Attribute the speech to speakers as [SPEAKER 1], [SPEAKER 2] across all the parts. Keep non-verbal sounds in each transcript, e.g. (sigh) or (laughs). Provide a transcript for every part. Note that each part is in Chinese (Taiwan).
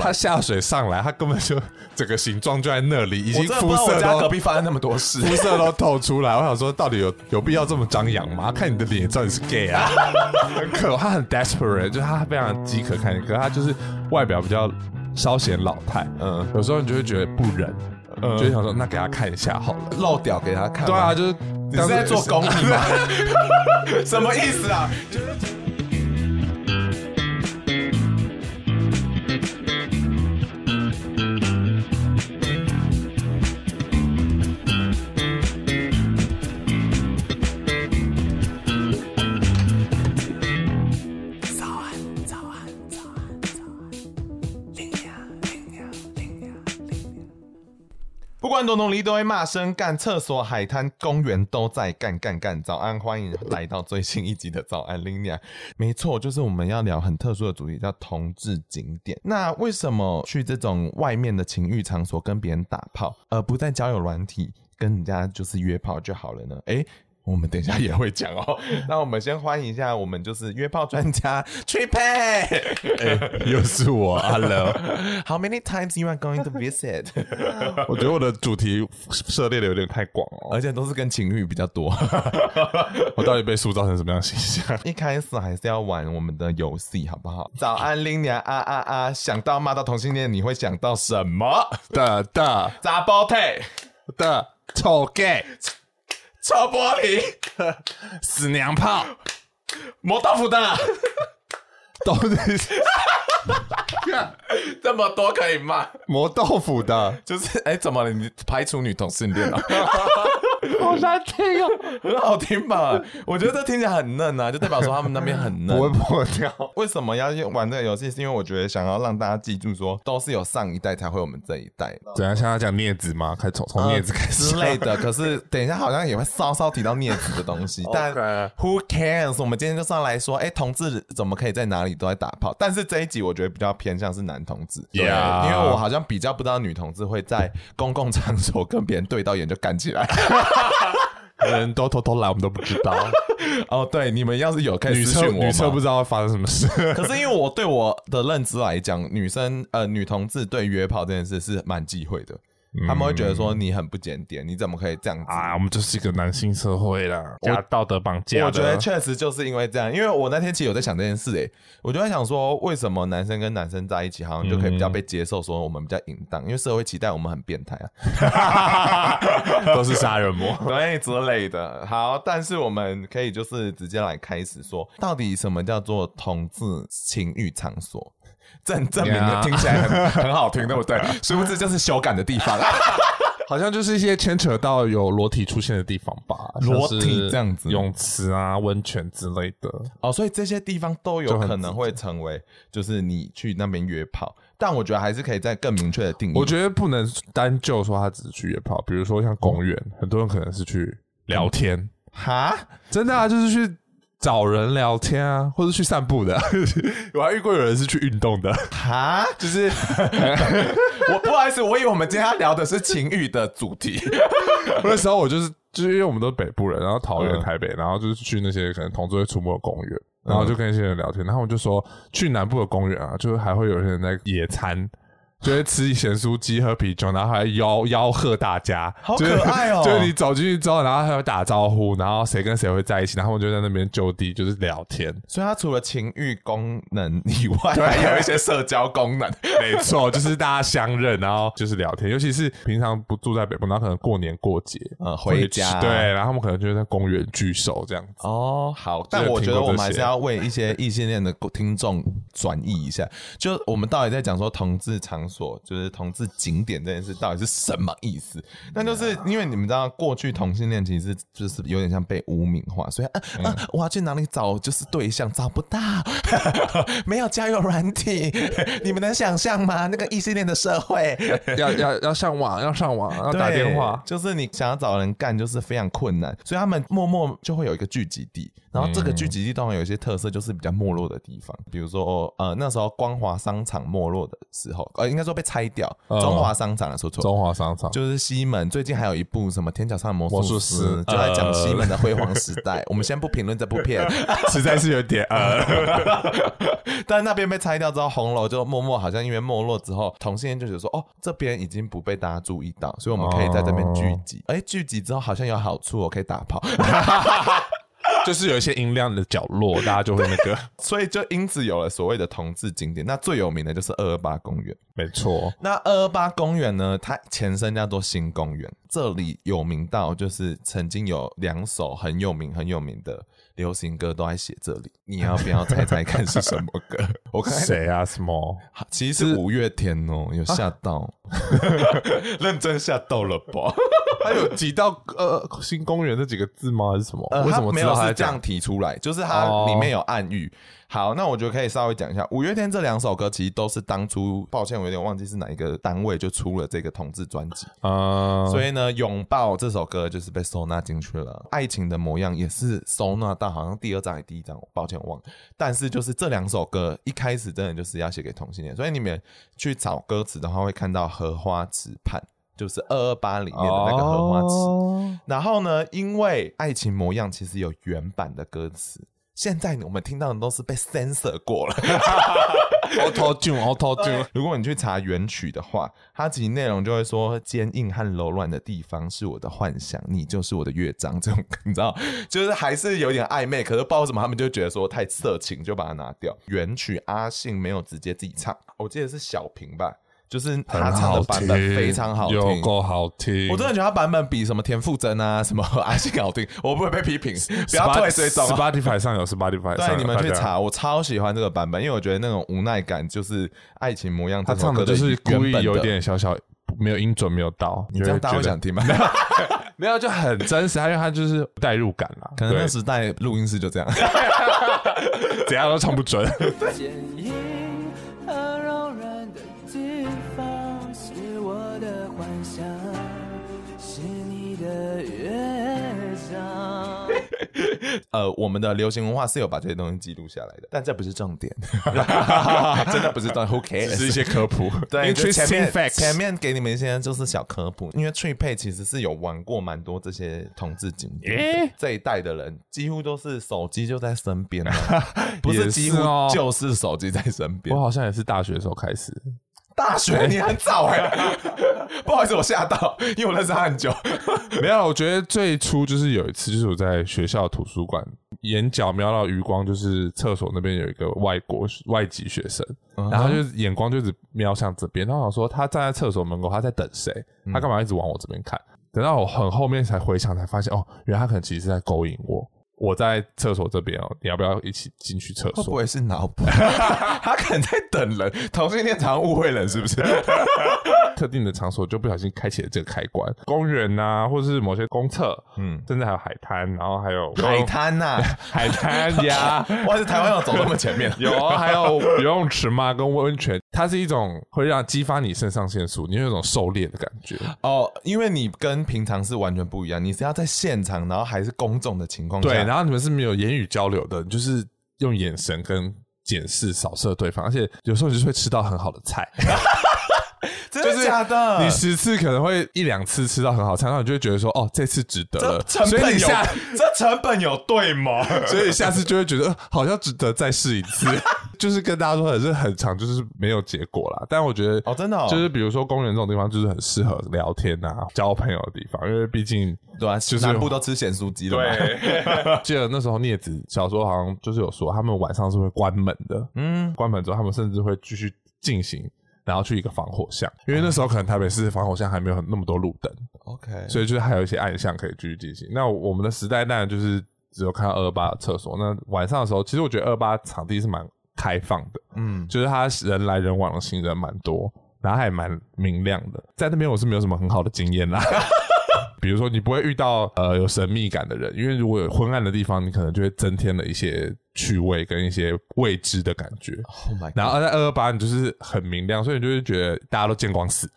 [SPEAKER 1] 他下水上來，他根本就整個形狀就在那裡，已經膚色都。隔壁
[SPEAKER 2] 發生那麼多事， (laughs) 膚色都
[SPEAKER 1] 透出來。我想說，到底有有必要這麼張揚嗎？看你的臉，到底是 gay 啊， (laughs) 很可。他很 desperate，就是他非常飢渴，看你。可是他就是外表比較稍顯老態，嗯，有時候你就會覺得不忍，嗯，就想說那給他看一下好
[SPEAKER 2] 了，露屌給他看，看。對啊，就是你是在做公益啊？ (laughs) (laughs) 什麼意思啊？就是很多努力都會罵聲幹廁所、海 (noise) 灘樂、公園都在幹幹幹。早安，歡迎來到最新一集的早安，拎娘啊。沒錯，就是我們要聊很特殊的主題，叫同志景點。那為什麼去這種外面的情欲場所跟別人打炮，而、呃、不在交友軟體跟人家就是約炮就好了呢？誒、欸。我們等一下也會講哦。 (laughs) 那我們先歡迎一下，我們就是約炮專家 Treepay， (laughs) 又
[SPEAKER 1] 是我。Hello，How
[SPEAKER 2] (laughs) many times you are going to visit？ (laughs) 我
[SPEAKER 1] 覺得我的主題涉獵的有點
[SPEAKER 2] 太廣、哦、而且都是跟情欲比較多。 (laughs) 我到底被塑造成什麼樣的形象？ (laughs) 一開始還是要玩我們的遊戲，好不好？ (laughs) 早安，拎娘啊啊啊！想到罵到同性戀，你會想到什麼 (laughs) 的的？雜包腿的醜 gay。 (laughs) 醜戲 (laughs) 臭玻璃、 (laughs) 死娘炮、磨豆腐的，哈哈哈，哈哈哈，這麼多可以賣。磨豆腐的，就是哎、欸，怎麼了？你排除女同事哈哈哈。 (laughs) (laughs) 我想聽、啊，很好聽吧？我覺得這聽起來很嫩啊，就代表說他們那邊很嫩，不會破掉。為什麼要去玩這個遊戲？是因為我覺得想要讓大家記住說，都是有上一代才會有我們這一代的。
[SPEAKER 1] 等一下像他講鑷子嗎？開從從鑷子開始、uh, 之類的。
[SPEAKER 2] 可是等一下好像也會稍稍提到鑷子的東西。 (laughs) 但、okay. Who cares？我們今天就上來說，哎、欸，同志怎麼可以在哪裡都在打炮？但是這一集我覺得比較偏向是男同志，對，yeah. 因為我好像比較不知道女同志會在公共場所跟別人對到眼就幹起來。 (laughs) (laughs) 人都偷偷來，我們都不知道。 (laughs) 哦，對，你們要是有看私信，我女廁不知道會發生什麼事。可是因為我對我的認知來講， (laughs) 女生呃女同志對約炮這件事是蠻忌諱的。他們會覺得說你很不檢點、嗯，你怎麼可以這樣子啊？
[SPEAKER 1] 我們就是一個男性社會了，道德綁架我。我覺得確
[SPEAKER 2] 實就是因為這樣，因為我那天其實有在想這件事誒、欸，我就在想說，為什麼男生跟男生在一起，好像就可以比較被接受，說我們比較淫蕩、嗯，因為社會期待我們很變態啊， (laughs) (laughs) 都是殺殺人魔之 (laughs) 類之類的。好，但是我們可以就是直接來開始說，到底什麼叫做同志情欲場所？很證明的，yeah. 聽起來很 (laughs) 很好聽對不對？殊不知就是修感的地方，好像就是一些牽扯到有裸體出現的地方吧，裸體這樣子，泳池啊、溫泉、就是泳池啊、溫泉之類的，哦，所以這些地方都有可能會成為，就是你去那邊約炮。但我覺得還是可以再更明確的定義，我覺
[SPEAKER 1] 得不能單就說他只是去約炮。比如說像公園、嗯，很多人可能是去聊天，哈，真的啊，就是去。找人聊天啊，或者去散步的。 (laughs) 我還遇過有人是去運動的啊，就是 (laughs) (laughs) 我，
[SPEAKER 2] (laughs) 我 (laughs) 不好意思，我以為我們今天要聊的是情欲的主題。 (laughs) (laughs) 我
[SPEAKER 1] 那時候我就是，就是因為我們都是北部人，然後桃園，嗯、台北，然後就是去那些可能同志會出沒的公園，然後就跟一些人聊天，然後我就說去南部的公園啊，就是還會有一些人在野餐。就會吃鹹酥雞、喝啤酒，然後還吆吆喝大家，好可愛哦、喔就是！就是你走進去之後，然後還會打招呼，然後誰跟誰會在一起，然後我們就在那邊就地就是聊天。
[SPEAKER 2] 所以他除了情欲功
[SPEAKER 1] 能以外、啊對，還 (laughs) 有一
[SPEAKER 2] 些社交功能。沒
[SPEAKER 1] 錯，就是大家相認， (laughs) 然後就是聊天，尤其是平常不住在北部然後可能過年過節，嗯，回家對，然後我們可能就會在公園聚首這樣子。
[SPEAKER 2] 哦，好、就是，但我覺得我們還是要為一些異性戀的聽眾轉譯一下，就我們到底在講說同志長。所，就是同志景點這件事到底是什麼意思？但、yeah. 就是因為你們知道，過去同性戀其實就是有點像被污名化，所以啊、嗯、啊，我要去哪裡找就是對象找不到， (laughs) 沒有交友軟體 (laughs) 你們能想象嗎？那個異性戀的社會， (laughs) 要要要，要上網，要上網，要打電話，就是你想要找人幹就是非常困難，所以他們默默就會有一個聚集地。然後這個聚集地當然有一些特色，就是比較沒落的地方，比如說呃那時候光華商場沒落的時候，呃應該說被拆掉，中華商場說錯、嗯，中華商場就是西門。最近還有一部什麼《天橋上的魔術師》魔術，就在講西門的輝煌時代。呃、我們先不評論這部片， (laughs) 實在是有點呃。 (laughs) 但那邊被拆掉之後，紅樓就默默好像因為沒落之後，同性戀就覺得說，哦這邊已經不被大家注意到，所以我們可以在這邊聚集。哎、呃，聚集之後好像有好處，我可以打炮。嗯 (laughs) 就是有一些音量的角落， (laughs) 大家就會那個，所以就因此有了所謂的同志景點。那最有名的就是二二八公園，沒錯。那二二八公園呢，它前身叫做新公園，這裡有名到就是曾經有兩首很有名、很有名的。流行歌都在寫這裡，你要不要猜猜看是什麼歌？ (laughs) 我看誰啊？Small 其實五月天哦、喔，有嚇到，啊、 (laughs) 認真嚇到了吧？還 (laughs) 有提到呃“新公園”這幾個字嗎？還是什麼？為什麼、呃、沒有？還這樣提出來，就是他裡面有暗喻。哦好，那我覺得可以稍微講一下，五月天這兩首歌其實都是當初，抱歉，我有點忘記是哪一個單位就出了這個同志專輯啊，uh... 所以呢，擁抱這首歌就是被收納進去了，愛情的模樣也是收納到好像第二張還是第一張，我抱歉，我忘了。但是就是這兩首歌一開始真的就是要寫給同性戀，所以你們去找歌詞的話會看到荷花池畔，就是二二八裡面的那個荷花池。Uh... 然後呢，因為愛情模樣其實有原版的歌詞。現在我們聽到的都是被 censor 過了，哈哈哈哈，Auto-tune, Auto-tune。如果你去查原曲的話，它其實內容就會說堅硬和柔軟的地方是我的幻想，你就是我的樂章。這種你知道，就是還是有點曖昧。可是不知道為什麼他們就覺得說太色情，就把它拿掉。原曲阿信沒有直接自己唱，我記得是小平吧。就是他唱的版本非常好聽，有夠好聽。我真的覺得他版本比什麼田馥甄啊，什麼愛情更好聽。我不會被批評，不要退。Spotify 上有，Spotify 上有，對你們去查。我超喜歡這個版本，因為我覺得那種無奈感，就是愛情模樣。他唱的就是故意有一點小小沒有音準，沒有到。你這樣大家會想聽嗎？沒有， (laughs) (laughs) 沒
[SPEAKER 1] 有，就很真實。他因為他就是代入感啦，可能那時代錄音室就這樣， (laughs) (laughs) 怎樣都唱不準。 (laughs)
[SPEAKER 2] (laughs) 呃，我們的流行文化是有把這些東西記錄下來的，但這不是重點， (laughs) (laughs) (laughs) 真的不是重點，OK，是一些科普。 (laughs) 對，前面、Facts、前面給你們一些就是小科普，因為 Treepay 其實是有玩過蠻多這些同志景點、欸，這一代的人幾乎都是手機就在身邊、 (laughs) 哦，不是幾乎就是手機在身邊，我
[SPEAKER 1] 好像也是大學的時候開始。
[SPEAKER 2] 大學你很早呀、欸， (laughs) 不好意思，我嚇到，因為我認識他很久。 (laughs)
[SPEAKER 1] 沒有，我覺得最初就是有一次，就是我在學校的圖書館，眼角瞄到餘光，就是廁所那邊有一個外國外籍學生，嗯、然後就眼光就一直瞄向這邊。他好像說，他站在廁所門口，他在等誰？他幹嘛一直往我這邊看？嗯、等到我很後面才回想，才發現哦，原來他可能其實是在勾引我。我在廁所這邊哦，你要不要一起進去廁所？我也是腦補，哈哈。 (laughs) (laughs) 他可能在等人，同性戀常誤會人，是不是？ (laughs) (laughs) 特定的場所就不小心開啟了這個開關，公園吶、啊，或者是某些公廁，嗯，甚至還有海灘，然後還有海灘吶，海灘呀、啊， (laughs) 灘啊、 (laughs) 哇，是台灣要走這麼前面？ (laughs) 有，還有游泳池嗎？跟溫泉，它是一種會讓激發你腎上腺素，你有一種狩獵的感
[SPEAKER 2] 覺哦，因為你跟平常是完全不一樣，你是要在現場，然後還是公眾的情況下，對，然後你們是
[SPEAKER 1] 沒有言語交流的，就是用眼神跟檢視掃射對方，而且有時候你就會吃到很好的菜。 (laughs)
[SPEAKER 2] 真的,假的？就是、
[SPEAKER 1] 你十次可能會一兩次吃到很好吃，然後你就會覺得說，哦，這次值得了。這成本有以下
[SPEAKER 2] 這成本有對嗎？所以下
[SPEAKER 1] 次就會覺得好像值得再試一次。 (laughs) 就是跟大家說，也是很長，就是沒有結果啦。但我覺得哦，真的、哦，就是比如說公園這種地方，就是很適合聊天啊、交朋友的地方，因為畢竟、就是、對啊，就是南部都吃鹹
[SPEAKER 2] 酥雞的嘛。對 (laughs)
[SPEAKER 1] 記得那時候孽子小時候好像就是有說，他們晚上是會關門的。嗯，關門之後，他們甚至會繼續進行。然後去一個防火巷，因為那時候可能台北市防火巷還沒有那麼多路燈，OK，所以就是還有一些暗巷可以繼續進行。那我們的時代當然就是只有看到二二八的廁所。那晚上的時候，其實我覺得二二八場地是蠻開放的，嗯，就是他人來人往的行人蠻多，然後還蠻明亮的。在那邊我是沒有什麼很好的經驗啦、啊。 (laughs) 比如說，你不會遇到呃有神秘感的人，因為如果有昏暗的地方，你可能就會增添了一些趣味跟一些未知的感覺。Oh、然後在二二八，你就是很明亮，所以你就會覺得大家都見光死。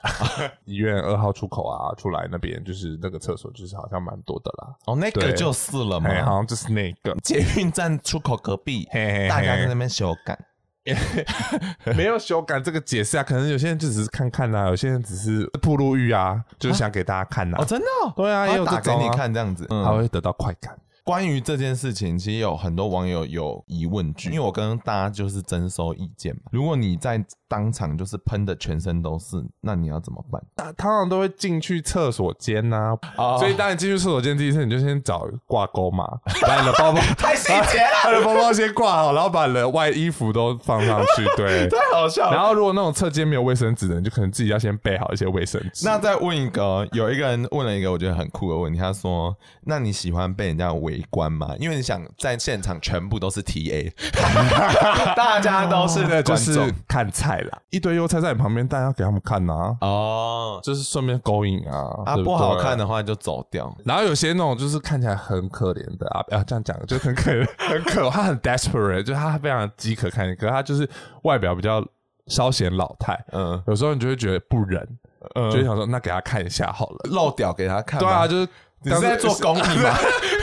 [SPEAKER 1] 醫院二號出口啊，出來那邊就是那個廁所，就是好像蠻多的啦。哦、oh,，那個就是了嘛，好像就是那個捷運
[SPEAKER 2] 站出口隔壁，
[SPEAKER 1] 嘿嘿嘿大家在那邊修改。 (laughs) 沒有修改這個解釋啊，可能有些人就只是看看啦、啊，有些人只是暴露欲啊，就想給大家看啦、啊啊。哦，真的、哦？對啊，也有打、啊、打給你看這
[SPEAKER 2] 樣子，他會得到快感。嗯、關於這件事情，其實有很多網友有疑問句，嗯、因為我跟大家就是徵收意見嘛，如果你在。當場就是噴的全身都是，那你要怎麼辦？那通常都會進去廁所間吶、啊，oh. 所以當你進
[SPEAKER 1] 去廁所間第一次，你就先找掛鈎嘛， (laughs) 把
[SPEAKER 2] 你的包包 (laughs) 太細節了，他 (laughs) 的包包先掛
[SPEAKER 1] 好，然後把你的外衣服都放上去。對， (laughs) 太好笑了。然後如果那種側間沒有衛生紙的，
[SPEAKER 2] 你就可能自己要先備好一些衛生紙。那再問一個，有一個人問了一個我覺得很酷的問題，他說：“那你喜歡被人家圍觀嗎？因為你想在現場全部都是 T A， (laughs) (laughs) (laughs) 大家都是在，就是看菜。”
[SPEAKER 1] 一堆幼菜在你旁邊，但要給他們看呢、啊？哦，就是順便勾引啊！啊對不對，不好看的
[SPEAKER 2] 話你就走掉。
[SPEAKER 1] 然後有些那種就是看起來很可憐的啊，啊、呃，這樣講就很可憐， (laughs) 很可憐。他很 desperate， (laughs) 就他非常飢渴看，看可是他就是外表比較稍顯老態。嗯，有時候你就會覺得不忍，嗯，就想說那給他看一下好了，露屌給他看。對啊，就是你是在做公益嗎？ (laughs)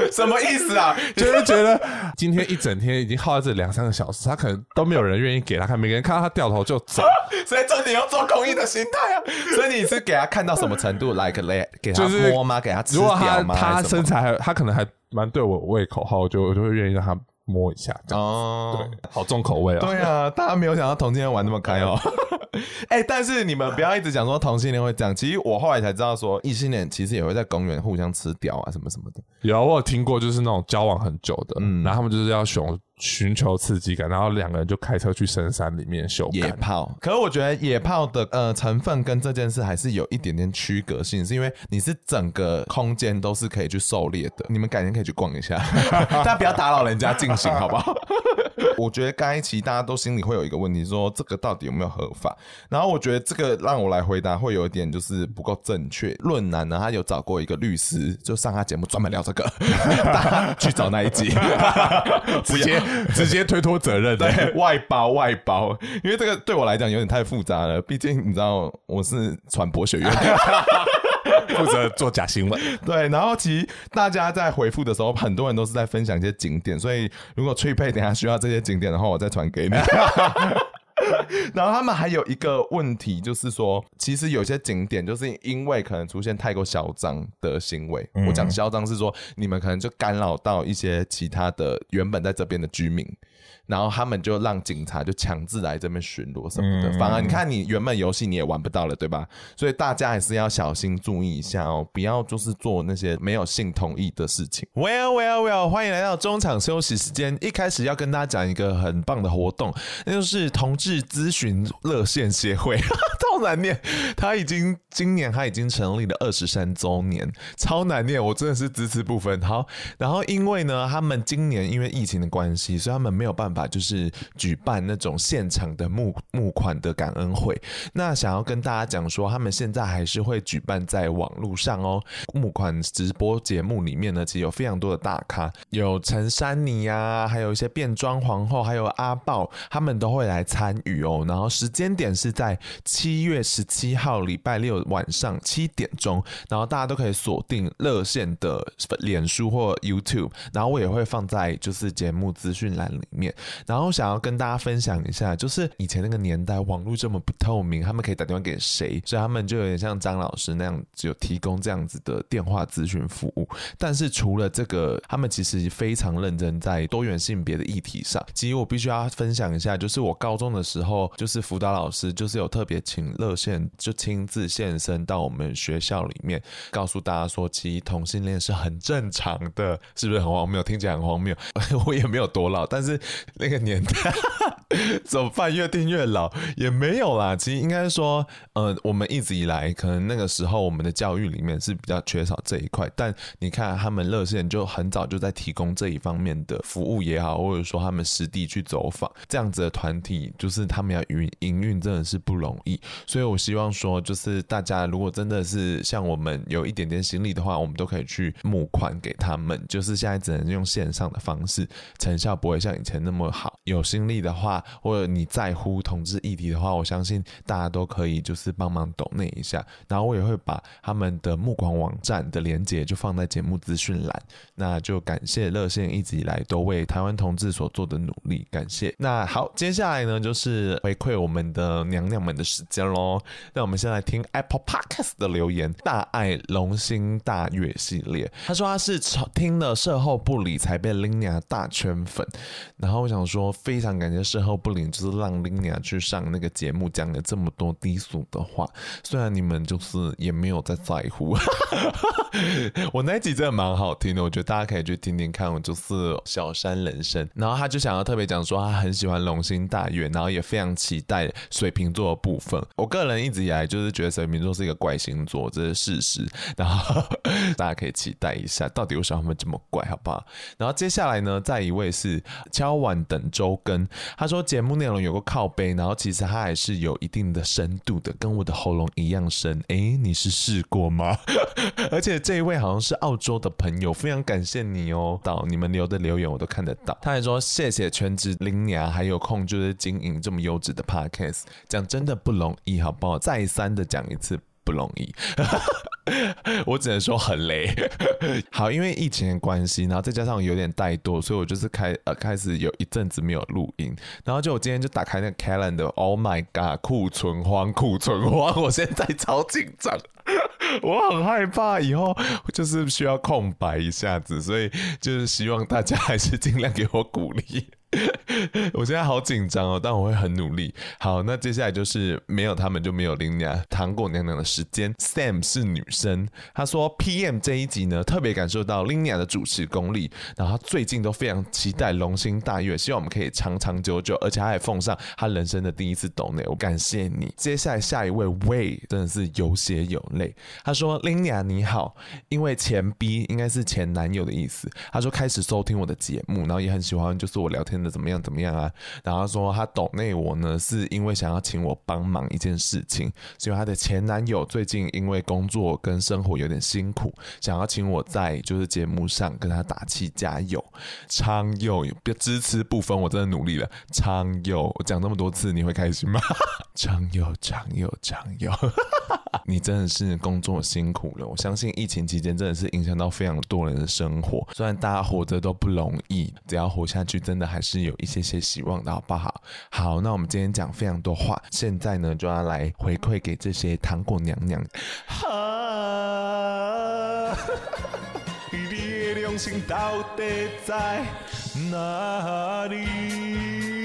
[SPEAKER 2] (laughs) 什麼意思啊？就是覺得
[SPEAKER 1] 今天一整天已經耗在這兩三個小時，他可能都沒有人願意給他看，每個人看到他掉頭就走。
[SPEAKER 2] (laughs) 所以，這你要做公益的心態啊。所以你是給他看到什麼程度，來個來給他摸嗎？給他吃掉嗎？如果他他身
[SPEAKER 1] 材還，他可能還蠻對我胃口，哈，我就我就會願意讓他。摸一下
[SPEAKER 2] 哦，oh, 對，好重口味哦、喔。對啊， (laughs) 大家沒有想到同性戀玩那麼開哦。哎，但是你們不要一直講說同性戀會這樣。其實我後來才知道說，異性戀其實也會在公園互相吃屌啊，什麼什麼的。有啊，我有聽過，就是那種交往很久的，嗯，然後他們就是要熊。尋求刺激感，然後兩個人就開車去深山裡面修野炮，可是我覺得野炮的呃成分跟這件事還是有一點點區隔性，是因為你是整個空間都是可以去狩獵的，你們改天可以去逛一下， (laughs) (laughs) 但不要打擾人家進行， (laughs) 好不好？ (laughs) 我覺得該期大家都心裡會有一個問題，說這個到底有沒有合法？然後我覺得這個讓我來回答會有一點就是不夠正確。論男呢，他有找過一個律師，就上他節目專門聊這個， (laughs) 他去找那一集， (laughs) 直接 (laughs) 直接推脫責任， (laughs) 對 (laughs) 外包外包，因為這個對我來講有點太複雜了，畢竟你知道我是傳播學院。 (laughs) (laughs) 負 (laughs) 責做假新聞， (laughs) 對。然後其實大家在回復的時候，很多人都是在分享一些景點，所以如果 Treepay 等一下需要這些景點的話，我再傳給你。 (laughs) (laughs) (laughs) 然後他們還有一個問題，就是說，其實有些景點就是因為可能出現太過囂張的行為。嗯、我講囂張是說，你們可能就干擾到一些其他的原本在這邊的居民，然後他們就讓警察就強制來這邊巡邏什麼的、嗯。反而你看，你原本遊戲你也玩不到了，對吧？所以大家還是要小心注意一下哦，不要就是做那些沒有性同意的事情。Well well well，歡迎來到中場休息時間。一開始要跟大家講一個很棒的活動，那就是同志。諮詢熱線協會。超難念，他已經今年他已經成立了二十三周年，超難念，我真的是支持不分。好，然後因為呢，他們今年因為疫情的關係，所以他們沒有辦法就是舉辦那種現場的募募款的感恩會。那想要跟大家講說，他們現在還是會舉辦在網路上哦，募款直播節目裡面呢，其實有非常多的大咖，有陳珊妮呀，還有一些變裝皇後，還有阿豹，他們都會來參與哦。然後時間點是在七。1月17號，禮拜六晚上七點鐘，然後大家都可以鎖定熱線的臉書或 YouTube，然後我也會放在就是節目資訊欄裡面。然後想要跟大家分享一下，就是以前那個年代網絡這麼不透明，他們可以打電話給誰？所以他們就有點像張老師那樣，就提供這樣子的電話諮詢服務。但是除了這個，他們其實非常認真在多元性別的議題上。其實我必須要分享一下，就是我高中的時候，就是輔導老師就是有特別請。熱線就親自現身到我們學校裡面，告訴大家說，其實同性戀是很正常的，是不是很荒謬？聽起來很荒謬， (laughs) 我也沒有多老，但是那個年代。 (laughs) 怎麼辦？越定越老也沒有啦。其實應該說，呃，我們一直以來可能那個時候我們的教育裡面是比較缺少這一塊。但你看，他們熱線就很早就在提供這一方面的服務也好，或者說他們實地去走訪這樣子的團體，就是他們要營營運真的是不容易。所以我希望說，就是大家如果真的是像我們有一點點心力的話，我們都可以去募款給他們。就是現在只能用線上的方式，成效不會像以前那麼好。有心力的話，或者你在乎同志議題的話，我相信大家都可以就是幫忙 donate 一下，然後我也會把他們的募款網站的連接就放在節目資訊欄。那就感謝熱線一直以來都為台灣同志所做的努力，感謝。那好，接下來呢就是回饋我們的娘娘們的時間嘍。那我們先來聽 Apple Podcast 的留言，大愛龍心大月系列。他說他是聽了售後不理才被拎娘大圈粉，然後我想說非常感謝事。然後不靈，就是讓拎娘去上那個節目，講了這麼多低俗的話。雖然你們就是也沒有在在乎， (laughs) 我那一集真的蠻好聽的，我覺得大家可以去聽聽看。我就是小山人生，然後他就想要特別講說，他很喜歡龍星大院，然後也非常期待水瓶座的部分。我個人一直以來就是覺得水瓶座是一個怪星座，這是事實。然後 (laughs) 大家可以期待一下，到底為什麼這麼怪，好不好？然後接下來呢，再一位是敲碗等週更，他說。節目內容有個靠杯，然後其實它還是有一定的深度的，跟我的喉嚨一樣深。哎，你是試過嗎？ (laughs) 而且這一位好像是澳洲的朋友，非常感謝你哦，到你們留的留言我都看得到。他還說謝謝全職拎娘，還有空就是經營這麼優質的 podcast，講真的不容易，好不好？再三的講一次。不容易， (laughs) 我只能說很累。 (laughs) 好，因為疫情的關係，然後再加上我有點怠惰，所以我就是開呃開始有一陣子沒有錄音。然後就我今天就打開那個 Calendar，Oh my God，庫存荒，庫存荒，我現在超緊張， (laughs) 我很害怕以後我就是需要空白一下子，所以就是希望大家還是盡量給我鼓勵。 (laughs) 我現在好緊張哦，但我會很努力。好，那接下來就是沒有他們就沒有拎娘糖果娘娘的時間。Sam 是女生，她說 PM 這一集呢特別感受到拎娘的主持功力，然後他最近都非常期待龍心大悅，希望我們可以長長久久，而且還奉上他人生的第一次斗內。我感謝你。接下來下一位 Way 真的是有血有淚，他說拎娘你好，因為前 B 應該是前男友的意思，他說開始收聽我的節目，然後也很喜歡，就是我聊天。怎麼樣？怎麼樣啊？然後說她斗內我呢，是因為想要請我幫忙一件事情，所以她的前男友最近因為工作跟生活有點辛苦，想要請我在就是節目上跟他打氣加油，蒼佑，別支持不分，我真的努力了，蒼佑，我講那麼多次，你會開心嗎？蒼佑，蒼佑，蒼佑，你真的是工作辛苦了，我相信疫情期間真的是影響到非常多人的生活，雖然大家活着都不容易，只要活下去，真的還是。是有一些些希望的好不好？好，那我們今天講非常多話，現在呢就要來回饋給這些糖果娘娘。哈，你的良心到底在哪裡？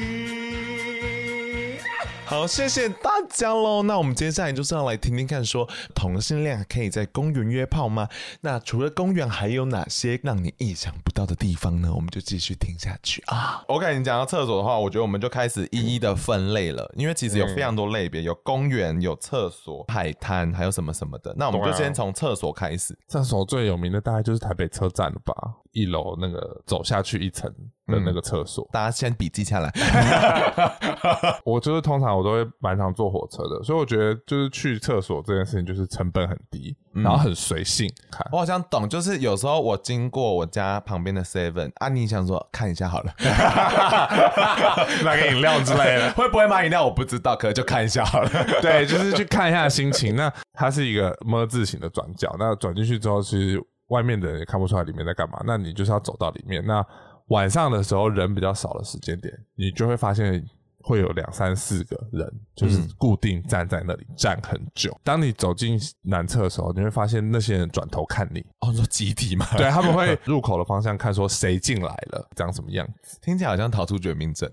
[SPEAKER 2] 好，謝謝大家嘍。那我們接下來就是要來聽聽看，說同性戀可以在公園約炮嗎？那除了公園，還有哪些讓你意想不到的地方呢？我們就繼續聽下去啊。OK，你講到廁所的話，我覺得我們就開始一一的分類了，因為其實有非常多類別，有公園、有廁所、海灘，還有什麼什麼的。那我們就先從廁所開始。廁所最有名的
[SPEAKER 1] 大概就是台北車站了吧？一樓那個走下去一層的那個廁所，嗯，大家先筆記下來。嗯、 (laughs) (laughs) 我就是通常我都會蠻常坐火車的，所以我覺
[SPEAKER 2] 得就是去廁所這件事情就是成本很低，嗯、然後很隨性看。我好像懂，就是有時候我經過我家旁邊的 seven，啊你想說看一下好了，買個飲料之類的，會不會買飲料我不知道，可就看一下好了。 (laughs) (laughs) 對，就是去
[SPEAKER 1] 看一下心情。那它是一個 ㄇ 字型的轉角，那轉進去之後其實。外面的人也看不出來裡面在幹嘛，那你就是要走到裡面。那晚上的時候人比較少的時間點，你就會發現。會有兩三四個人，就是固定站在那裡,、嗯、站,在那裡站很久。當你走進男廁的時候，你會發現那些人轉頭看你。哦，你說
[SPEAKER 2] 集體嘛？對，他們會
[SPEAKER 1] 入口的方向看，說誰進來了，長什麼樣 (laughs) 聽起來好像逃出絕命鎮。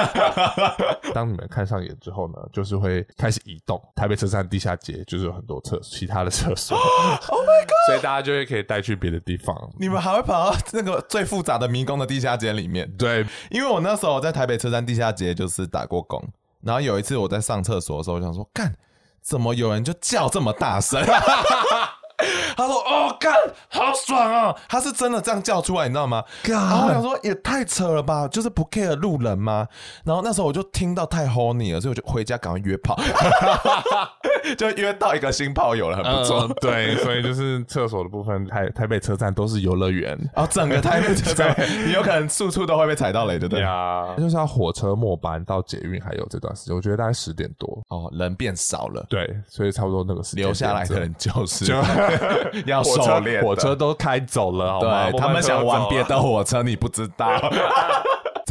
[SPEAKER 1] (laughs) (laughs) 當你們看上眼之後呢，就是會開始移動。台北車站地下街就是有很多廁所，其他的廁所。哦 (laughs) Oh、my god！所以大家就會可以帶去別的地方。
[SPEAKER 2] 你們還會跑到那個最複雜的迷宮的地下街裡面？對，因為我那時候在台北車站地下街就是。打過工，然後有一次我在上廁所的時候，我想說，幹，怎麼有人就叫這麼大聲啊？ (laughs) (laughs) 他說：“哦，幹，好爽啊！”他是真的這樣叫出來，你知道嗎？然後、啊、我想說，也太扯了吧，就是不 care 路人嗎？然後那時候我就聽到太 horny 了，所以我就回家趕快約炮， (laughs) 就約到一個新炮友了，很不錯、嗯。對，所以就是廁所的部分，台台北
[SPEAKER 1] 車站都是遊樂園，然、哦、後整個台北車站， (laughs) 你有可能處處都會被踩到雷對了，對不對？就是要火車末班到捷運還有這段時間，我覺得大概十點多哦，人變少了。對，所以差不多那個時間留下來的人就是。 (laughs) 就 (laughs) 要狩獵，火車都
[SPEAKER 2] 開走了好嗎，對他們想玩別的火車你不知道。 (laughs)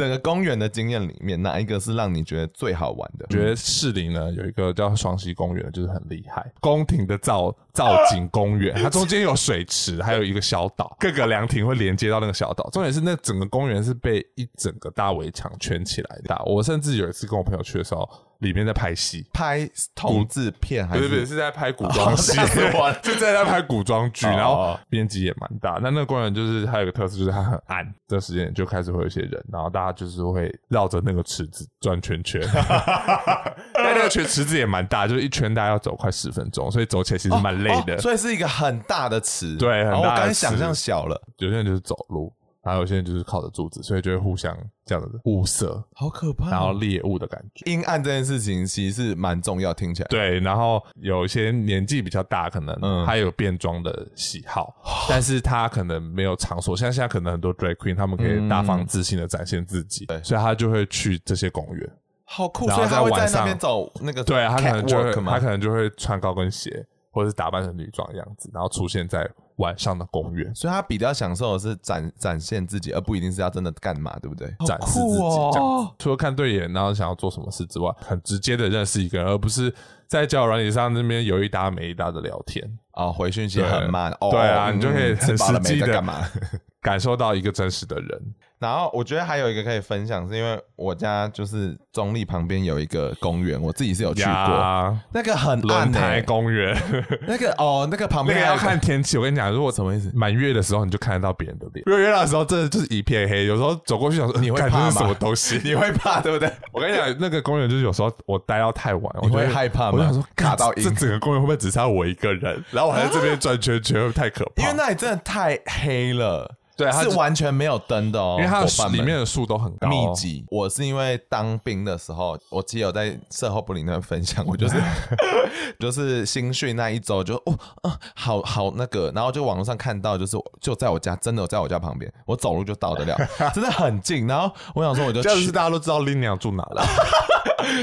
[SPEAKER 2] (laughs) 整個公園的經驗裡面，哪一個是讓你覺得最好玩的？ (laughs) 我覺得士林呢，有一個叫雙溪公
[SPEAKER 1] 園，就是很厲害。宮廷的造造景公園，它中間有水池， (laughs) 還有一個小島，各個涼亭會連接到那個小島。重點是那整個公園是被一整個大圍牆圈起來的。我甚至有一次跟我朋友去的時候。裡面在拍戲，
[SPEAKER 2] 拍同志片還是不是是在拍古裝戲？哦，就在那拍
[SPEAKER 1] 古裝劇，然後面積也蠻大。哦、那那個公園就是他有個特色，就是它很暗，這時間就開始會有一些人，然後大家就是會繞着那個池子轉圈圈。那 (laughs) (laughs) 那個圈池子也蠻大，就是一圈大家要走快十分鐘，所以走起來其實蠻累的。哦哦、所以是一個很大的池？對，很大哦，我剛想象小了。有些人就是走路。還有些人就是靠着柱子，所以就會互相這樣子物色，
[SPEAKER 2] 好可怕、哦。然後
[SPEAKER 1] 獵物的感覺，陰暗這件事情其實是蠻重要，聽起來的對。然後有一些年紀比較大，可能他有變裝的喜好，嗯、但是他可能沒有場所。像現在可能很多 drag queen，他們可以大方自信的展現自己、嗯，對，所以他就會去這些公園，
[SPEAKER 2] 好酷。然後在晚上在那邊走那個，對，對他可能就會他可能就會穿高跟鞋。或者是打扮成女裝樣子，然後出現在晚上的公園，所以他比較享受的是展展現自己，而不一定是要真的幹嘛，對不對？好酷哦，展示自己，哦、除了看對眼，然後想要做什麼事之外，很直接的認識一個人，而不是在交友
[SPEAKER 1] 軟體上那邊有一搭沒一搭的聊天啊，哦，回訊息很慢。哦。對啊，你就可以很實際的幹嘛，
[SPEAKER 2] (laughs) 感受到一個真實的人。然後我覺得還有一個可以分享，是因為我家就是中壢旁邊有一個公園，我自己是有去過，啊、yeah。那個很暗，欸、泰豐公園， (laughs) 那個哦，那
[SPEAKER 1] 個旁邊那個要看天氣。我跟你講，如果什麼意思？滿月的時候你就看得到別人的臉，月月的時候真的就是一片黑。有時候走過去想說你會怕呵呵是什麼東西？ (laughs) 你會怕對不對？ (laughs) 我跟你講，那個公園就是有時候我待到太晚，我會害怕嗎？我。我想說卡到陰，這整個公園會不會只剩我一個人啊？然後我在這邊轉圈圈，會不會太可怕。
[SPEAKER 2] 因為那裡真的太黑了。 (laughs) 對、啊，是完全沒有燈的哦，因為它的裡面的樹都很高，哦，密集。我是因為當兵的時候，我只有在社後部裡那邊分享，我就是 (laughs) 就是新訓那一週，就哦，啊，好好那個，然後就網絡上看到，就是就在我家，真的在我家旁邊，我走路就到得了， (laughs) 真的很近。然後我想說，我就 (laughs) 就是大家都知道拎娘住哪了。 (laughs)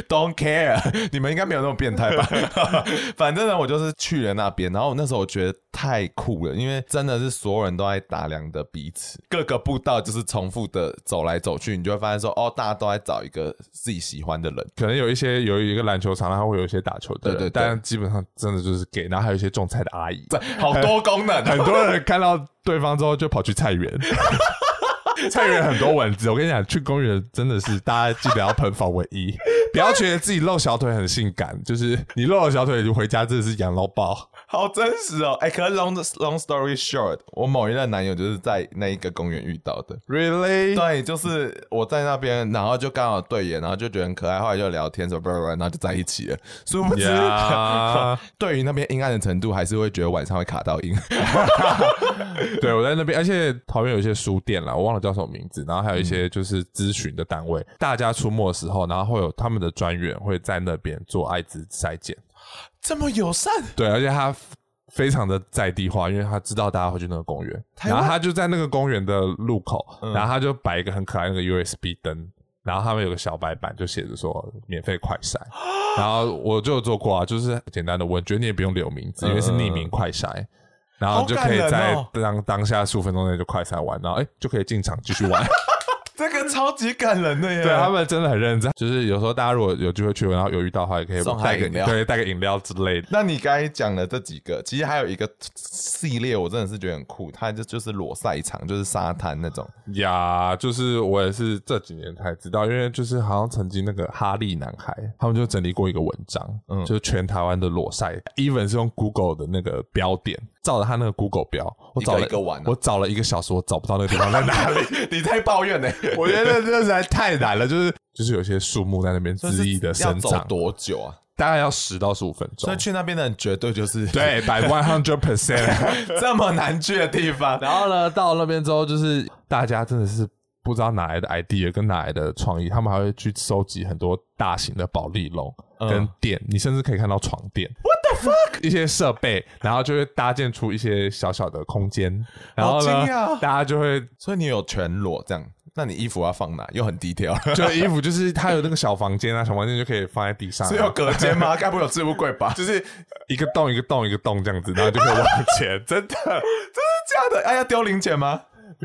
[SPEAKER 2] Don't care， (laughs) 你們應該沒有那麼變態吧？ (laughs) (laughs) 反正呢，我就是去了那邊，然後那時候我覺得太酷了，因為真的是所有人都在打量的彼此，各個步道就是重複的走來走去，你就會發現說，哦，大家都在找一個自己喜歡的人，
[SPEAKER 1] (laughs) 可能有一些有一個籃球場，然後會有一些打球的人，對，對對，但基本上真的就是 gay，然後還有一些種菜的阿姨， (laughs) 好多功能， (laughs) 很多人看到對方之後就跑去菜園。 (laughs) 菜園很多蚊子， (laughs) 我跟你講，去公園真的是大家記得要噴防蚊液， (laughs) 不要覺得自己露小腿很性感，就是你露了小
[SPEAKER 2] 腿就回家，真的是癢到爆。好真實哦！哎，可是 long long story short，我某一任男友就是在那一個公園遇到的，really？對，就是我在那邊，然後就剛好對眼，然後就覺得很可愛，後來就聊天什麼，然後就在一起了。殊不知、yeah. (laughs) 對於那邊陰暗的程度，還是會覺得晚上會卡到陰。 (laughs)
[SPEAKER 1] (laughs) (laughs) 對，我在那邊，而且旁邊有一些書店啦，我忘了叫什麼名字，然後還有一些就是諮詢的單位，大家出沒的時候，然後會有他們的專員會在那邊做艾滋篩檢。
[SPEAKER 2] 這麼友善，
[SPEAKER 1] 對，而且他非常的在地化，因為他知道大家會去那個公園，然後他就在那個公園的路口，嗯、然後他就擺一個很可愛那個 USB 燈，然後他們有個小白板就寫着說免費快篩、啊，然後我就有做過啊，就是簡單的，我覺得你也不用留名字，嗯、因為是匿名快篩，然後你就可以在當、哦、當下十五分鐘內就快篩完，然後哎就可以進場繼續玩。 (laughs)
[SPEAKER 2] 這個超級感人的耶 (laughs) 對，對他們
[SPEAKER 1] 真的很認真。就是有時候大家如果有機會去，然後有遇到的話，也可以帶個飲料，對，
[SPEAKER 2] 帶個飲料之類的。 (laughs) 那你剛才講的這幾個，其實還有一個系列，我真的是覺得很酷，它就就是裸曬場，就是沙灘那種。
[SPEAKER 1] 呀、 (laughs) yeah,，就是我也是這幾年才知道，因為就是好像曾經那個哈利男孩，他們就整理過一個文章，嗯，就是全台灣的裸曬 (laughs) ，even 是用 Google 的那個標點。照着他那個 Google 標，我找了一個,一個玩、啊，我找了一個小時，我找不到那個地方在哪裡。
[SPEAKER 2] (laughs) 你太抱怨了？ (laughs) 我覺得
[SPEAKER 1] 這實在太難了，就是就是有些樹木在那邊恣意的生長。多久啊？大概要十到十五分鐘。所
[SPEAKER 2] 以去那邊的人絕對就是對百 one hundred percent 這麼難去的地方。 (laughs) 然
[SPEAKER 1] 後呢，到那邊之後就是大家真的是。不知道哪來的 idea 跟哪來的創意，他們還會去收集很多大型的保麗龍跟墊，嗯。你甚至可以看到床墊，what the fuck，一些設備，然後就會搭建出一些小小的空間，然後呢好，大家就會，所以你有全裸這樣，那你衣服要放哪？又很 detail， (laughs) 就，就是衣服，就是他有那個小房間啊，小房間就可以放在地上。啊，是有隔間嗎？該
[SPEAKER 2] 不會有置物櫃吧？ (laughs) 就是
[SPEAKER 1] 一個，一個洞一個洞一個洞這樣子，然後就可以往前， (laughs) 真的，
[SPEAKER 2] 真的這樣的？哎、啊、呀，丟零錢嗎？ (laughs)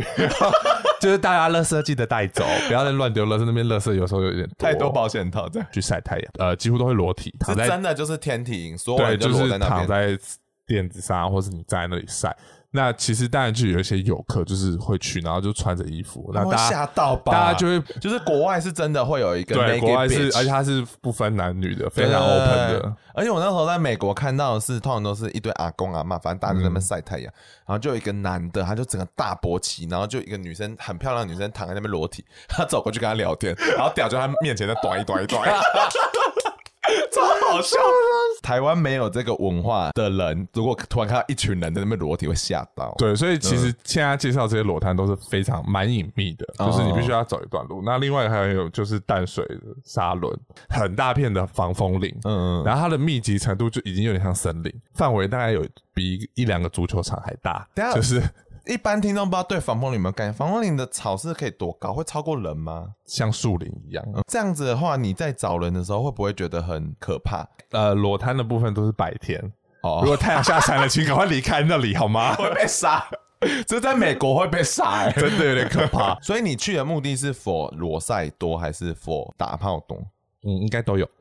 [SPEAKER 1] 就是大家垃圾記得帶走，不要再亂丟。垃圾 (laughs) 那邊垃圾有時候有一點多，太多
[SPEAKER 2] 保險套這樣。保險
[SPEAKER 1] 套在去曬太陽，呃，幾乎都會裸體躺在，真
[SPEAKER 2] 的就是天體營，對，就是躺
[SPEAKER 1] 在墊子上，或是你站在那裡曬。那其實當然就有一些遊客就是會去，然後就穿着衣服，那大家嚇到吧，大家就會
[SPEAKER 2] 就是國外是真的會有一個，對國外是，而且它是不分男女的，對對對對，非常 open 的。而且我那時候在美國看到的是，通常都是一堆阿公阿媽，反正大家都在那邊曬太陽，嗯、然後就有一個男的，他就整個大勃起，然後就一個女生，很漂亮的女生躺在那邊裸體，他走過去跟他聊天，然後掉在他面前的短一短一短。超好笑啊！台灣沒有這個文化的人，如果突然看到一群人在那邊裸體，會嚇到。對，所以其實
[SPEAKER 1] 現在介紹這些裸灘都是非常蠻隱秘的、嗯，就是你必須
[SPEAKER 2] 要走一段路。那另外還
[SPEAKER 1] 有就是淡水的沙崙很大片的防風林，嗯嗯，然後它的密集程度就
[SPEAKER 2] 已經有點像森林，範圍大概有比一兩個足球場還大，就是。一般聽眾不知道對防風林有沒有概念？防風林的草是可以多高？會超過人嗎？像樹林一樣？嗯、這樣子的話，你在找人的時候會不會覺得很可怕？呃，裸灘的部分都是白天哦。如果太陽下山了， (laughs) 請趕快離開那裡好嗎？會被殺？ (laughs) 這在美國會被殺、欸，真的有點可怕。 (laughs) 所以你去的目的是 for 裸曬多還是 for 打炮多？嗯，應該都有。 (laughs)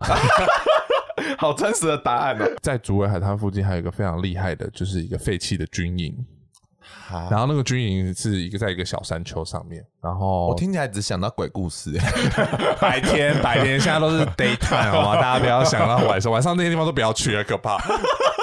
[SPEAKER 2] 好真實的答案呢、喔。
[SPEAKER 1] 在竹圍海灘附近還有一個非常厲害的，就是一個廢棄的軍營。然後那個軍營是一個在一個小山丘上面，然後我聽起來只想到鬼故事、欸 (laughs) 白。白天白天現在都是 daytime 好嗎， (laughs) 大家不要想到晚上， (laughs) 晚上那些地方都不要去了，可怕。 (laughs)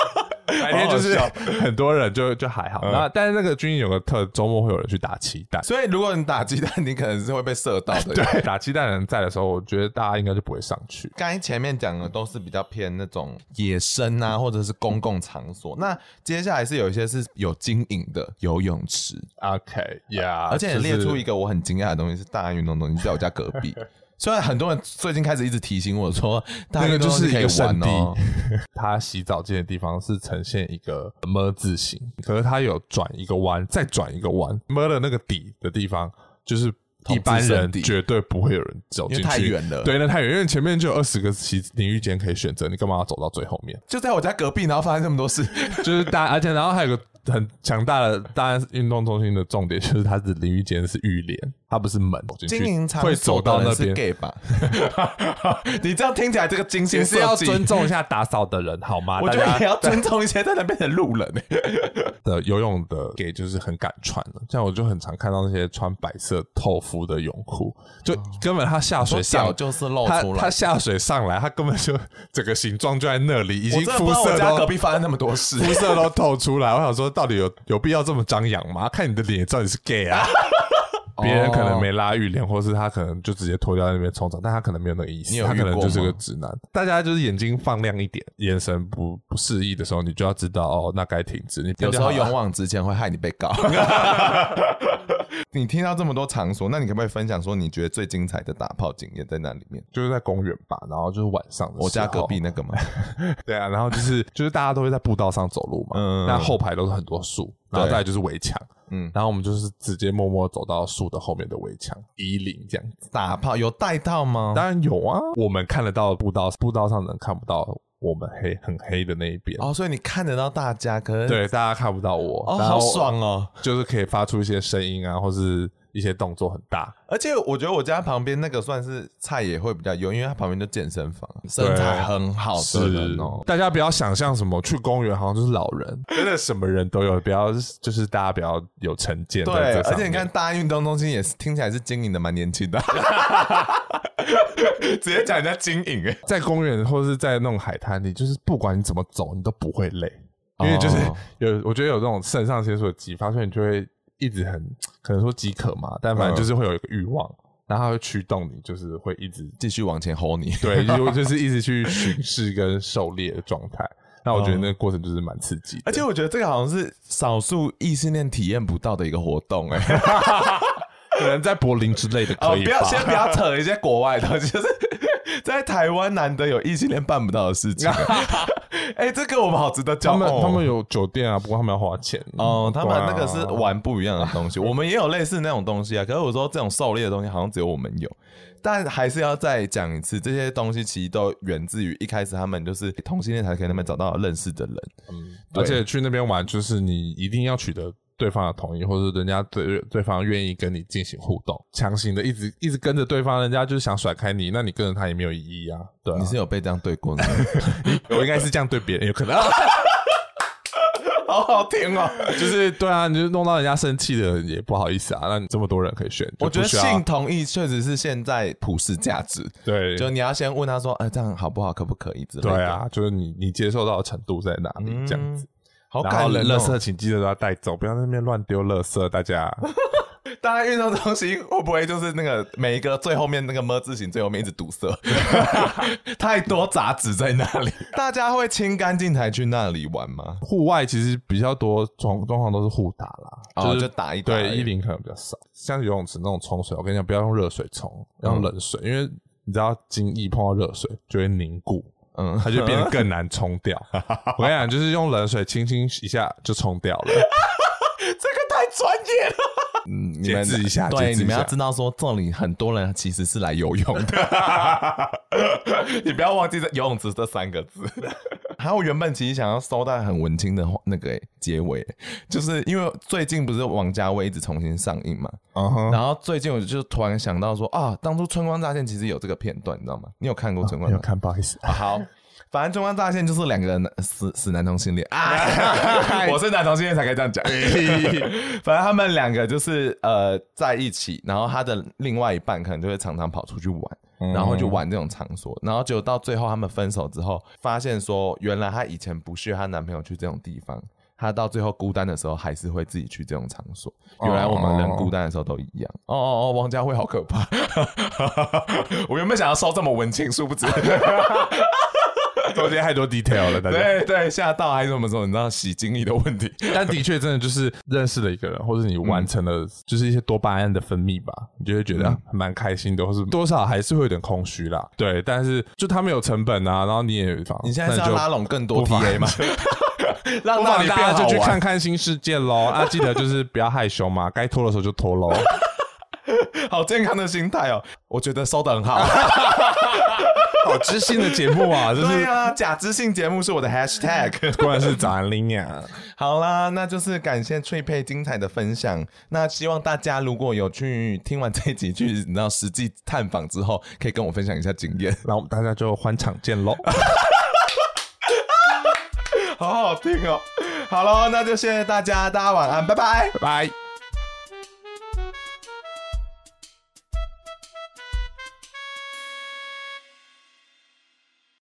[SPEAKER 2] (laughs) 就是很
[SPEAKER 1] 多人就就還好，然、嗯、後但是那個軍營有個特周末會有人去打漆
[SPEAKER 2] 彈，所以如果你打漆彈，你可能是會被射到的。對，打漆彈的人在的時候，我覺得大家應該就不會上去。剛才前面講的都是比較偏那種野生啊，或者是公共場所。那接下來是有一些是有經營的游泳池。OK，Yeah，、okay, 而且你列出一個我很驚訝的東西是大安運動中心在我家隔壁。 (laughs) 雖然很多人最近開始一直提醒我說，哦、那個就是一個問題、哦。它洗
[SPEAKER 1] 澡間的地方是呈現一個 M 字形，可是它有轉一個彎，再轉一個彎，M 的那個底的地方，就是一般人絕對不會有人走進去，太遠了，對了，那太遠，因為前面就有二十個洗淋浴間可以選擇，你幹嘛要走到最後面？就在我家隔壁，然後發生這麼多事， (laughs) 就是大，而且然後還有個很強大的，當然是運動中心的重點，就是它的淋浴間是浴簾。他不是門走進去，會走到那邊。你是 gay
[SPEAKER 2] 吧？
[SPEAKER 1] (laughs) (laughs)
[SPEAKER 2] 你這樣聽起來，這個精心設計。你是要尊重一下打掃的人，好嗎？我覺得也要尊重一些，在那邊的路人。
[SPEAKER 1] (laughs) (laughs) 的游泳的 gay 就是很敢穿的，像我就很常看到那些穿白色透膚的泳褲，就根本他下水下、哦、就是露出來他，他下水上來，他根本就整個形狀就在那裡，已經膚色都我我隔壁
[SPEAKER 2] 發生那麼多事， (laughs) 膚色都
[SPEAKER 1] 透出來。我想說，到底有有必要這麼張揚嗎？看你的臉，到底是 gay 啊？ (laughs) 別人可能沒拉浴簾、哦，或是他可能就直接脫掉在那邊沖澡，但他可能沒有那個意思，他可能就是個直男。大家就是眼睛放亮一點，眼神不
[SPEAKER 2] 不適宜的時候，你就要知道哦，那該停止。你有時候勇往直前會害你被告。
[SPEAKER 1] (laughs)
[SPEAKER 2] (laughs) 你聽到這麼多場所，那你可不可以分享說你覺得最精彩的打炮經驗在哪裡面？就是在公園吧，然後就是晚上的時候，我家隔壁那個嘛。 (laughs) 對啊，然後就是
[SPEAKER 1] 就是大家都會在步道上走路嘛，嗯，那後排都是很多樹。然後再就是圍牆、啊，嗯，然後我們就是直接默默走到樹的後面的圍牆、一零這樣子打炮。有帶套嗎？當然有啊，我們看得到步道，步道上的人看不到，我們黑很黑的那一邊
[SPEAKER 2] 哦，所以你看得到大家，可能對
[SPEAKER 1] 大家看不到我哦，我，好爽哦，就是可以發出一些聲音啊，或是一些動作很大。
[SPEAKER 2] 而且我覺得我家旁邊那個算是菜也會比較油，因為他旁邊就健身房，身材很好的人
[SPEAKER 1] 哦。大家不要想象什麼去公園好像就是老人，真 (laughs) 的什麼人都有，不要就是大家不要有成見。對，而且你看
[SPEAKER 2] 大運動中心也是聽起來是經營的蠻年輕的。 (laughs) (laughs)
[SPEAKER 1] (laughs) 直接講人家經營哎，在公園或是在那種海灘裡，你就是不管你怎麼走，你都不會累，因為就是有，我覺得有這種腎上腺素的激發，所以你就會一直很可能說飢渴嘛，但反正就是會有一個慾望，然後它會驅動你，就是會一直繼續往前吼你，對，就是一直去巡視跟狩獵的狀態， (laughs)
[SPEAKER 2] 那我覺得那個過程就是蠻刺激，而且我覺得這個好像是少數異性戀體驗不到的一個活動哎。 (laughs) 可能在柏林之類的可以吧。哦，不要先不要扯一些國外的東西。 (laughs) 就是在台灣難得有異性戀辦不到的事情。哎、， (laughs) 欸，這個我們好值得講。他們、哦、他們有酒店啊，不過他們要花錢。哦，啊、他們那個是玩不一樣的東西。 (laughs) 我們也有類似那種東西啊，可是我說這種狩獵的東西好像只有我們有。但還是要再講一次，這些東西其實都源自於一開始他們就是同性戀才可以他們找到認識的人，嗯，而且去那邊玩就是你一定要取得。對方的同意，或者
[SPEAKER 1] 是人家對對，對方願意跟你進行互動，強行的一直一直跟着對方，人家就是想甩開你，那你跟着他也沒有意義啊。對啊，你是有被這樣對過的？我應該是這樣對別人，有可能。
[SPEAKER 2] 好好聽哦，就
[SPEAKER 1] 是對啊，你就弄到人家生氣的，也不好意思啊。那你這麼多人可以選，我覺得性
[SPEAKER 2] 同意確實是現在普世價值。對，就你要先問他說，哎、呃，這樣好不好？可不可以？之類。對啊，
[SPEAKER 1] 就是你你接受到的程度在哪裡？嗯、這樣子。
[SPEAKER 2] 好人，後，垃圾
[SPEAKER 1] 請記得都要帶走，不要在那邊亂丟垃圾。大
[SPEAKER 2] 家，大 (laughs) 家運動中心會不會就是那個每一個最後面那個麼字形最後面一直堵塞， (laughs) 太多雜質在那裡、啊。大家會清乾淨才去那裡玩嗎？
[SPEAKER 1] 戶外其實比較多狀狀況都是互打啦哦、就是、就打一打對一零可能比較少，像游泳池那種沖水，我跟你講不要用熱水沖，要用冷水，嗯、因為你知道精液碰到熱水就會凝固。嗯，它就變得更難沖掉。 (laughs) 我跟你講，就是用冷水輕輕一下就沖掉了。
[SPEAKER 2] (laughs) 這個太專業了。嗯，你們試一下，對，你們要知道說，這裡很多人其實是來游泳的。 (laughs) (laughs) 你不要忘記這游泳池這三個字。還有，原本其實想要收到很文青的那個、欸、結尾，就是因為最近不是王家衛一直重新上映嘛，uh -huh. 然後最近我就突然想到說，啊，當初《春光乍現》其實有這個片段，你知道嗎？你有看過《春光》哦？有看，不好意思。好， (laughs) 反正《春光乍現》就是兩個人死死男同性戀啊，哎、 (laughs) 我是男同性戀才可以這樣講。 (laughs) (laughs) 反正他們兩個就是呃在一起，然後他的另外一半可能就會常常跑出去玩。然後就玩這種場所、嗯，然後就到最後他們分手之後，發現說原來她以前不屑她男朋友去這種地方，她到最後孤單的時候還是會自己去這種場所。原來我們人孤單的時候都一樣。哦哦哦，哦哦王家輝好可怕！ (laughs) (laughs) 我原本想要收這麼溫情，殊不知。 (laughs) (laughs)
[SPEAKER 1] 昨天太多 detail 了，大家，對對，嚇到還是什麼時候？你知道洗精力的問題。 (laughs) 但的確，真的就是認識了一個人，或者你完成了，就是一些多巴胺的分泌吧、嗯，你就會覺得蠻開心的，或是多少還是會有點空虛啦、嗯。對，但是就他們有成本啊，然後你也有，有你現在是要拉攏更多 TA 嘛嗎？
[SPEAKER 2] 讓 (laughs) 你變 (laughs) 大家就去看看
[SPEAKER 1] 新世界嘍。啊，記得就是不要害羞嘛，該 (laughs) 脫的時候就脫嘍。
[SPEAKER 2] (laughs) 好健康的心態哦，我覺得收的很好。 (laughs) 哦、知性的節目啊，就是對、啊、假知性節目是我的 hashtag，果然是咱林啊。 (laughs) 好啦，那就是感謝翠佩精彩的分享。那希望大家如果有去聽完這幾集，然後實際探訪之後，可以跟我分享一下經驗。然後我們大家就歡場見嘍。 (laughs) (laughs) 好好聽哦。好嘍，那就謝謝大家，大家晚安，拜拜拜，拜。